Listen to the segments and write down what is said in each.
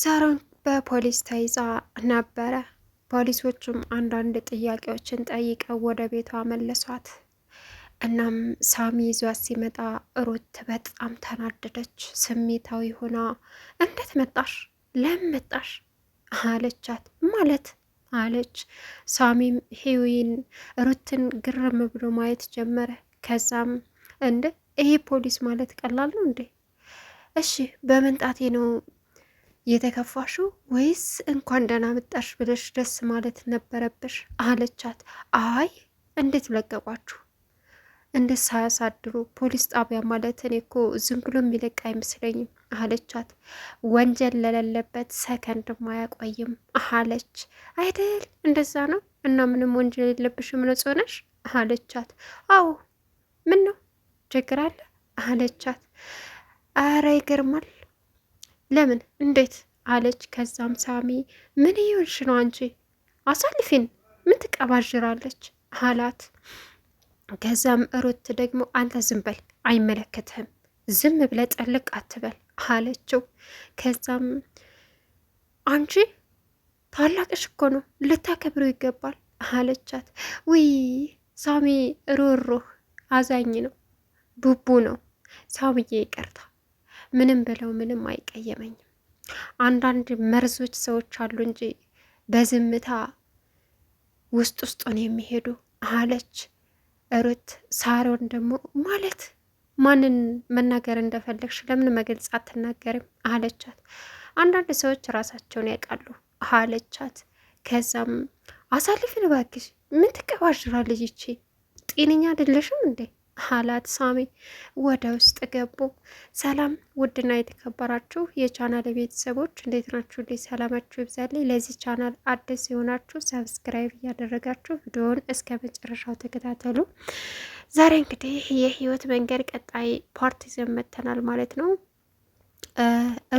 ሳሮን በፖሊስ ተይዛ ነበረ። ፖሊሶቹም አንዳንድ ጥያቄዎችን ጠይቀው ወደ ቤቷ መለሷት። እናም ሳሚ ይዟት ሲመጣ ሩት በጣም ተናደደች። ስሜታዊ ሆና እንዴት መጣሽ? ለምን መጣሽ? አለቻት። ማለት አለች። ሳሚም ሂዊን ሩትን ግርም ብሎ ማየት ጀመረ። ከዛም እንደ ይሄ ፖሊስ ማለት ቀላል ነው እንዴ? እሺ በመንጣቴ ነው የተከፋሹ ወይስ እንኳን ደህና መጣሽ ብለሽ ደስ ማለት ነበረብሽ አለቻት። አይ እንዴት ለቀቋችሁ? እንዴት ሳያሳድሩ ፖሊስ ጣቢያ ማለት እኔ እኮ ዝም ብሎ የሚለቅ አይመስለኝም አለቻት። ወንጀል ለሌለበት ሰከንድም አያቆይም አለች። አይደል እንደዛ ነው እና ምንም ወንጀል የለብሽም ንጹሕ ነሽ አለቻት። አዎ ምን ነው ችግር አለ አለቻት። አረ ይገርማል ለምን እንዴት አለች። ከዛም ሳሚ ምን ይሆንሽ ነው አንቺ አሳልፊን ምን ትቀባዥራለች አላት። ከዛም ሩት ደግሞ አንተ ዝም በል አይመለከትህም፣ ዝም ብለ ጠልቅ አትበል አለችው። ከዛም አንቺ ታላቅሽ እኮ ነው ልታከብሩ ይገባል አለቻት። ውይ ሳሚ ሩህሩህ አዛኝ ነው ቡቡ ነው ሳሚዬ፣ ይቅርታ ምንም ብለው ምንም አይቀየመኝም። አንዳንድ መርዞች ሰዎች አሉ እንጂ በዝምታ ውስጥ ውስጡን የሚሄዱ አለች ሩት። ሳሮን ደግሞ ማለት ማንን መናገር እንደፈለግሽ ለምን መግለጽ አትናገርም አለቻት። አንዳንድ ሰዎች ራሳቸውን ያውቃሉ አለቻት። ከዛም አሳልፍን እባክሽ ምን ትቀባዥራለች ይቺ ጤነኛ አይደለሽም እንዴ አላት ሳሚ። ወደ ውስጥ ገቡ። ሰላም ውድና የተከበራችሁ የቻናል ቤተሰቦች እንዴት ናችሁ? እንዴት ሰላማችሁ ይብዛልኝ። ለዚህ ቻናል አዲስ የሆናችሁ ሰብስክራይብ እያደረጋችሁ ቪዲዮውን እስከ መጨረሻው ተከታተሉ። ዛሬ እንግዲህ የህይወት መንገድ ቀጣይ ፓርት ይዘን መጥተናል ማለት ነው።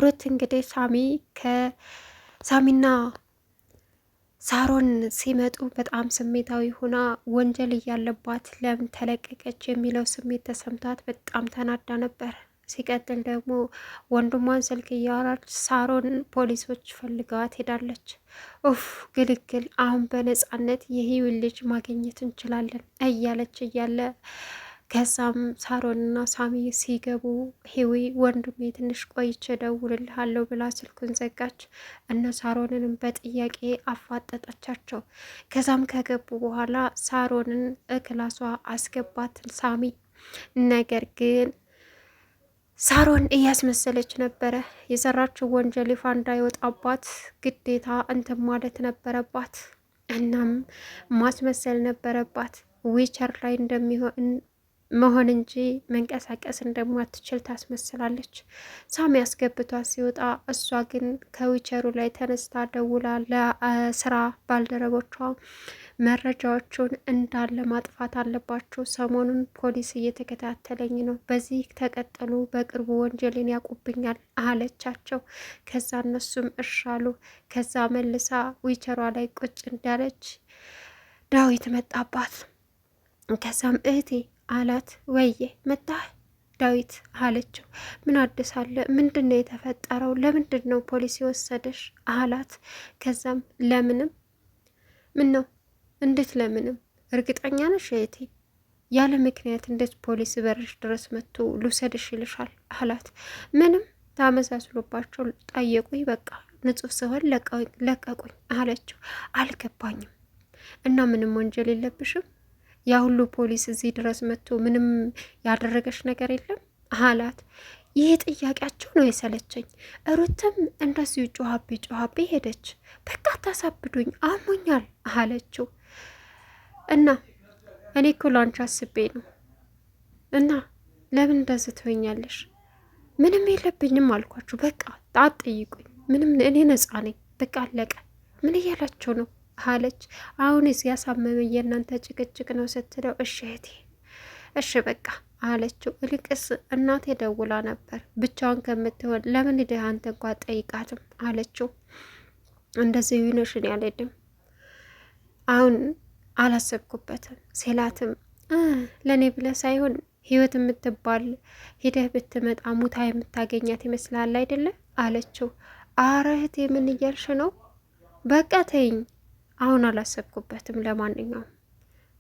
ሩት እንግዲህ ሳሚ ከሳሚና ሳሮን ሲመጡ በጣም ስሜታዊ ሆና ወንጀል እያለባት ለምን ተለቀቀች የሚለው ስሜት ተሰምቷት በጣም ተናዳ ነበር። ሲቀጥል ደግሞ ወንድሟን ስልክ እያወራች ሳሮን ፖሊሶች ፈልገዋት ሄዳለች። ኡፍ ግልግል! አሁን በነጻነት የህይወት ልጅ ማግኘት እንችላለን እያለች እያለ ከዛም ሳሮንና ሳሚ ሲገቡ ሂዊ ወንድሜ ትንሽ ቆይቼ እደውልልሃለሁ ብላ ስልኩን ዘጋች። እነ ሳሮንንም በጥያቄ አፋጠጠቻቸው። ከዛም ከገቡ በኋላ ሳሮንን እክላሷ አስገባት ሳሚ። ነገር ግን ሳሮን እያስመሰለች ነበረ። የሰራችው ወንጀል ይፋ እንዳይወጣባት ግዴታ እንትን ማለት ነበረባት። እናም ማስመሰል ነበረባት ዊቸር ላይ እንደሚሆን መሆን እንጂ መንቀሳቀስን ደግሞ አትችል ታስመስላለች። ሳሚ ያስገብቷት ሲወጣ እሷ ግን ከዊቸሩ ላይ ተነስታ ደውላ ለስራ ባልደረቦቿ መረጃዎቹን እንዳለ ማጥፋት አለባቸው፣ ሰሞኑን ፖሊስ እየተከታተለኝ ነው፣ በዚህ ተቀጠሉ፣ በቅርቡ ወንጀልን ያውቁብኛል አለቻቸው። ከዛ እነሱም እርሻሉ። ከዛ መልሳ ዊቸሯ ላይ ቁጭ እንዳለች ዳዊት መጣባት። ከዛም እህቴ አላት። ወይዬ መጣህ ዳዊት አለችው። ምን አዲስ አለ? ምንድን ነው የተፈጠረው? ለምንድን ነው ፖሊስ የወሰደሽ አላት። ከዛም ለምንም ምን ነው እንዴት ለምንም? እርግጠኛ ነሽ እህቴ? ያለ ምክንያት እንዴት ፖሊስ በርሽ ድረስ መጥቶ ልውሰድሽ ይልሻል አላት። ምንም ታመሳስሎባቸው ጠየቁኝ። በቃ ንጹሕ ስሆን ለቀቁኝ አለችው። አልገባኝም እና ምንም ወንጀል የለብሽም ያ ሁሉ ፖሊስ እዚህ ድረስ መጥቶ ምንም ያደረገች ነገር የለም አላት። ይህ ጥያቄያቸው ነው የሰለቸኝ። እሩትም እንደዚሁ ጮሀቤ ጮሀቤ ሄደች። በቃ ታሳብዱኝ አሞኛል አለችው እና እኔ እኮ ላንቺ አስቤ ነው እና ለምን እንደዚህ ትሆኛለሽ? ምንም የለብኝም አልኳችሁ። በቃ አትጠይቁኝ። ምንም እኔ ነጻ ነኝ። በቃ አለቀ። ምን እያላቸው ነው? አለች። አሁንስ ያሳመመኝ የእናንተ ጭቅጭቅ ነው ስትለው እሺ እህቴ እሺ በቃ አለችው። እልቅስ እናቴ ደውላ ነበር ብቻዋን ከምትሆን ለምን ሂደህ አንተ እንኳ ጠይቃትም አለችው። እንደዚህ ዊኖሽን ያልሄድም አሁን አላሰብኩበትም ሴላትም ለእኔ ብለ ሳይሆን ህይወት የምትባል ሂደህ ብትመጣ ሙታ የምታገኛት ይመስላል አይደለም አለችው። አረ እህቴ ምን እያልሽ ነው? በቃ ተይኝ አሁን አላሰብኩበትም። ለማንኛውም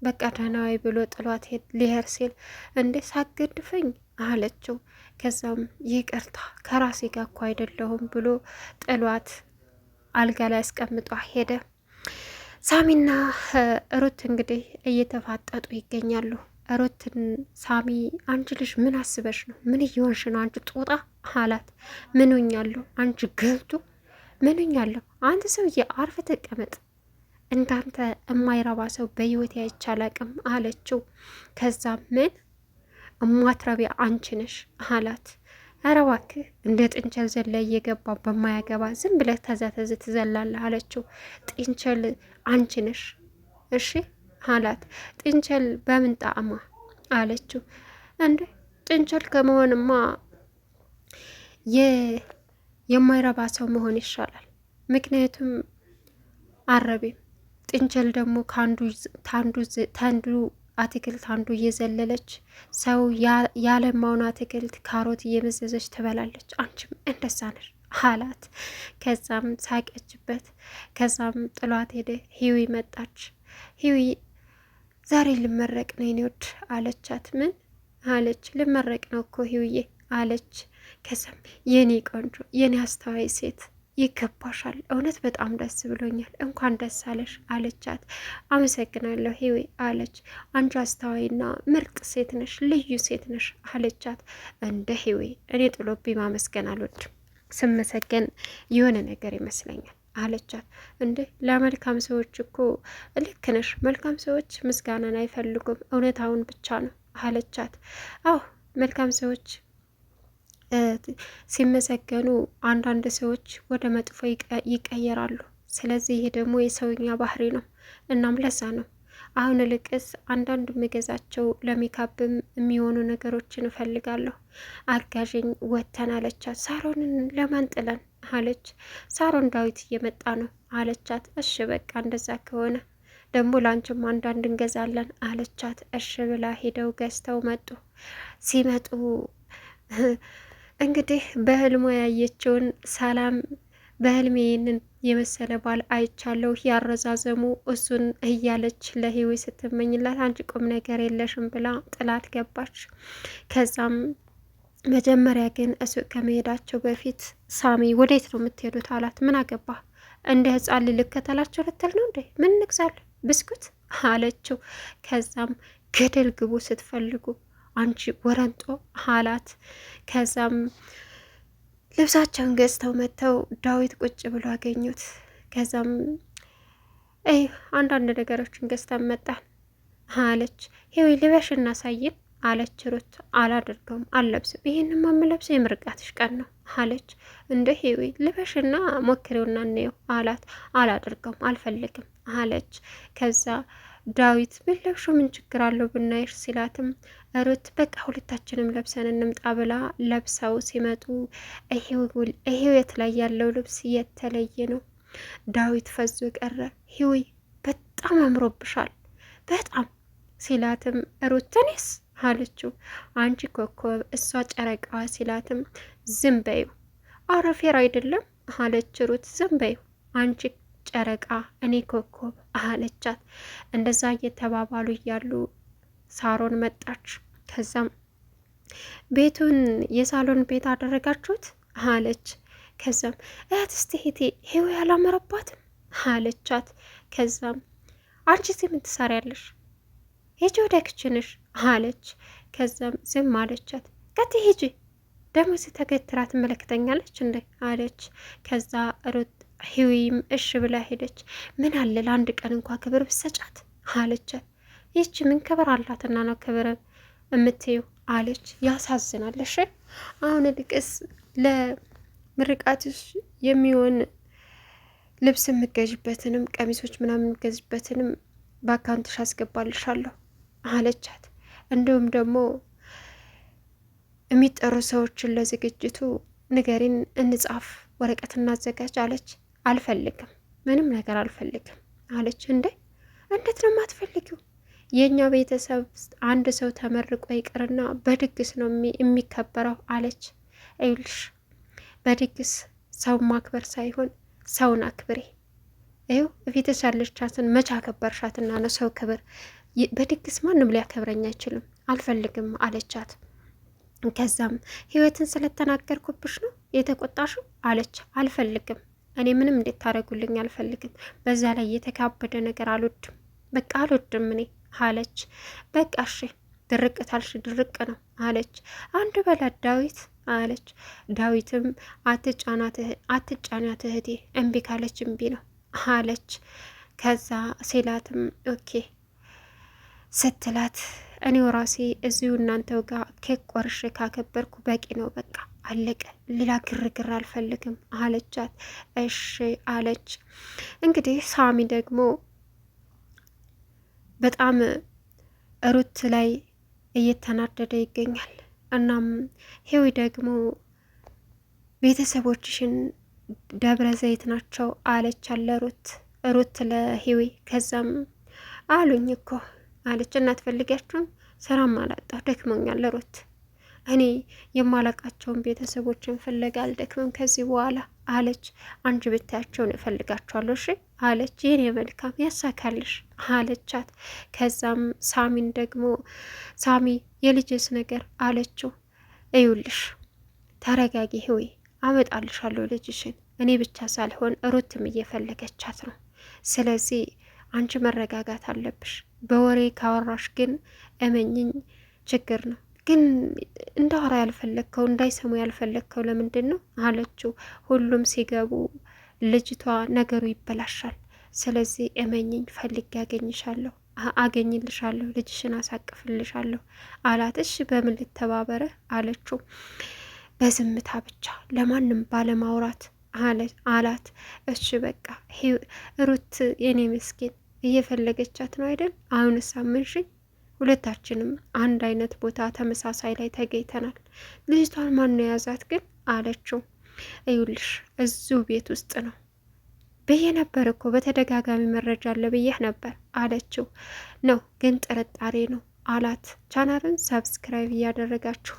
በቃ ደህና ብሎ ጥሏት ሊሄድ ሲል እንዴ ሳገድፈኝ አለችው። ከዛም ይቅርታ ከራሴ ጋር እኮ አይደለሁም ብሎ ጥሏት አልጋ ላይ አስቀምጧ ሄደ። ሳሚና ሩት እንግዲህ እየተፋጠጡ ይገኛሉ። ሩትን ሳሚ አንቺ ልጅ ምን አስበሽ ነው? ምን እየሆንሽ ነው? አንቺ ጦጣ አላት። ምንኛለሁ? አንቺ ገብቶ ምንኛለሁ? አንድ ሰውዬ አርፈ ተቀመጥ እንዳንተ የማይረባ ሰው በህይወት አይቻላቅም አለችው። ከዛ ምን እማትረቢ አንቺ ነሽ አላት። ኧረ እባክህ እንደ ጥንቸል ዘለ እየገባ በማያገባ ዝም ብለህ ተዘተዝ ትዘላለህ አለችው። ጥንቸል አንቺ ነሽ እሺ አላት። ጥንቸል በምን ጣዕማ አለችው። እንደ ጥንቸል ከመሆንማ የማይረባ ሰው መሆን ይሻላል። ምክንያቱም አረቤም ጥንቸል ደግሞ ታንዱ አትክልት አንዱ እየዘለለች ሰው ያለማውን አትክልት ካሮት እየመዘዘች ትበላለች፣ አንቺም እንደዛ ነሽ አላት። ከዛም ሳቀችበት። ከዛም ጥሏት ሄደ። ሂዊ መጣች። ሂዊ ዛሬ ልመረቅ ነው ኔዎች አለቻት። ምን አለች? ልመረቅ ነው እኮ ሂውዬ አለች። ከዛም የኔ ቆንጆ የኔ አስተዋይ ሴት ይገባሻል። እውነት በጣም ደስ ብሎኛል። እንኳን ደስ አለሽ አለቻት። አመሰግናለሁ ሂዊ አለች። አንቺ አስተዋይና ምርጥ ሴት ነሽ፣ ልዩ ሴት ነሽ አለቻት። እንደ ሂዊ እኔ ጥሎብኝ ማመስገን አልወድም። ስመሰገን የሆነ ነገር ይመስለኛል አለቻት። እንዴ ለመልካም ሰዎች እኮ ልክ ነሽ። መልካም ሰዎች ምስጋናን አይፈልጉም፣ እውነታውን ብቻ ነው አለቻት። አዎ መልካም ሰዎች ሲመሰገኑ አንዳንድ ሰዎች ወደ መጥፎ ይቀየራሉ። ስለዚህ ይሄ ደግሞ የሰውኛ ባህሪ ነው። እናም ለዛ ነው አሁን ልቅስ አንዳንድ የምገዛቸው ለሜካፕም የሚሆኑ ነገሮችን እፈልጋለሁ። አጋዥኝ ወተን አለቻት። ሳሮንን ለማን ጥለን አለች። ሳሮን ዳዊት እየመጣ ነው አለቻት። እሽ በቃ እንደዛ ከሆነ ደግሞ ላንችም አንዳንድ እንገዛለን አለቻት። እሽ ብላ ሄደው ገዝተው መጡ። ሲመጡ እንግዲህ በህልሞ ያየችውን ሰላም በህልሜ ይህንን የመሰለ ባል አይቻለሁ ያረዛዘሙ እሱን እያለች ለህይወት ስትመኝላት አንቺ ቁም ነገር የለሽም ብላ ጥላት ገባች። ከዛም መጀመሪያ ግን እሱ ከመሄዳቸው በፊት ሳሚ ወዴት ነው የምትሄዱት አላት። ምን አገባ እንደ ህፃን ልልከተላቸው ልትል ነው እንዴ? ምን ንግዛል ብስኩት አለችው። ከዛም ገደል ግቡ ስትፈልጉ አንቺ ወረንጦ አላት። ከዛም ልብሳቸውን ገዝተው መጥተው ዳዊት ቁጭ ብሎ አገኙት። ከዛም ይ አንዳንድ ነገሮችን ገዝተን መጣን አለች። ይሄው ልበሽ እናሳይን አለች ሩት። አላደርገውም፣ አልለብስም። ይህንም የምለብሰው የምርቃትሽ ቀን ነው አለች። እንደ ሄዊ ልበሽና ሞክሬውና እንየው አላት። አላደርገውም፣ አልፈልግም አለች። ከዛ ዳዊት ብለብሾ ምን ችግር አለው ብናይሽ ሲላትም ሩት በቃ ሁለታችንም ለብሰን እንምጣ ብላ ለብሰው ሲመጡ ህይወት ላይ ያለው ልብስ የተለየ ነው። ዳዊት ፈዞ ቀረ። ሂዊ በጣም አምሮብሻል በጣም ሲላትም ሩት ሩትንስ አለችው። አንቺ ኮከብ እሷ ጨረቃዋ ሲላትም ዝም በይው አረፌር አይደለም አለች ሩት። ዝም በይው አንቺ ጨረቃ እኔ ኮከብ አለቻት። እንደዛ እየተባባሉ እያሉ ሳሮን መጣች። ከዛም ቤቱን የሳሎን ቤት አደረጋችሁት አለች። ከዛም እህት እስቲ ሄቴ ሄው ያላመረባትም አለቻት። ከዛም አንቺ እዚህ ምን ትሰሪያለሽ? ሄጂ ወደ ክችንሽ አለች። ከዛም ዝም አለቻት። ቀጥ ሄጂ ደግሞ ተገትራ ትመለክተኛለች እንደ አለች። ከዛ ሩት ህዊም እሽ ብላ ሄደች። ምን አለ ለአንድ ቀን እንኳ ክብር ብሰጫት አለቻት። ይህች ምን ክብር አላትና ነው ክብር የምትይው አለች። ያሳዝናለሽ። አሁን ልቅስ ለምርቃትሽ የሚሆን ልብስ የምገዥበትንም ቀሚሶች ምናምን የምገዥበትንም በአካውንትሽ አስገባልሻለሁ አለቻት። እንዲሁም ደግሞ የሚጠሩ ሰዎችን ለዝግጅቱ ንገሪን፣ እንጻፍ፣ ወረቀት እናዘጋጅ አለች። አልፈልግም፣ ምንም ነገር አልፈልግም አለች። እንዴ እንዴት ነው የማትፈልጊው? የእኛ ቤተሰብ አንድ ሰው ተመርቆ ይቅርና በድግስ ነው የሚከበረው አለች። ይኸውልሽ በድግስ ሰው ማክበር ሳይሆን ሰውን አክብሬ ይኸው እፊትሽ ያለቻትን መቼ አከበርሻትና ነው ሰው ክብር በድግስ ማንም ሊያከብረኝ አይችልም፣ አልፈልግም አለቻት። ከዛም ህይወትን ስለተናገርኩብሽ ነው የተቆጣሽው አለች። አልፈልግም እኔ ምንም እንድታደርጉልኝ አልፈልግም። በዛ ላይ የተካበደ ነገር አልወድም፣ በቃ አልወድም እኔ አለች። በቃ እሺ ድርቅ ታልሽ ድርቅ ነው አለች። አንድ በላት ዳዊት አለች። ዳዊትም አትጫናት እህቴ፣ እምቢ ካለች እምቢ ነው አለች። ከዛ ሴላትም ኦኬ ስትላት እኔው ራሴ እዚሁ እናንተው ጋር ኬክ ቆርሼ ካከበርኩ በቂ ነው በቃ አለቀ፣ ሌላ ግርግር አልፈልግም አለቻት። እሺ አለች። እንግዲህ ሳሚ ደግሞ በጣም ሩት ላይ እየተናደደ ይገኛል። እናም ሄዊ ደግሞ ቤተሰቦችሽን ደብረ ዘይት ናቸው አለች አለ ሩት ሩት ለሄዊ ከዛም አሉኝ እኮ አለች። እናት ሰራም አላጣሁ ደክሞኛል ሩት እኔ የማላቃቸውን ቤተሰቦችን ፍለጋ አልደክምም ከዚህ በኋላ አለች። አንቺ ብታያቸውን እፈልጋቸዋለሁ እሺ አለች። የኔ መልካም ያሳካልሽ አለቻት። ከዛም ሳሚን ደግሞ ሳሚ የልጅስ ነገር አለችው። እዩልሽ ተረጋጊ ህዌ አመጣልሻለሁ ልጅሽን እኔ ብቻ ሳልሆን ሩትም እየፈለገቻት ነው። ስለዚህ አንቺ መረጋጋት አለብሽ። በወሬ ካወራሽ ግን እመኝኝ ችግር ነው። ግን እንዳወራ ያልፈለግከው እንዳይሰሙ ያልፈለግከው ለምንድን ነው አለችው። ሁሉም ሲገቡ ልጅቷ ነገሩ ይበላሻል። ስለዚህ እመኝኝ፣ ፈልጌ ያገኝሻለሁ፣ አገኝልሻለሁ፣ ልጅሽን አሳቅፍልሻለሁ አላት። እሺ በምን ልተባበረ አለችው። በዝምታ ብቻ ለማንም ባለማውራት አላት። እሺ በቃ ሩት የኔ ምስኪን እየፈለገቻት ነው አይደል? አሁን ሳምንሽኝ ሁለታችንም አንድ አይነት ቦታ ተመሳሳይ ላይ ተገኝተናል። ልጅቷን ማን የያዛት ግን አለችው። እዩልሽ እዚሁ ቤት ውስጥ ነው ብዬ ነበር እኮ በተደጋጋሚ መረጃ አለ ብዬህ ነበር አለችው። ነው ግን ጥርጣሬ ነው አላት። ቻናልን ሰብስክራይብ እያደረጋችሁ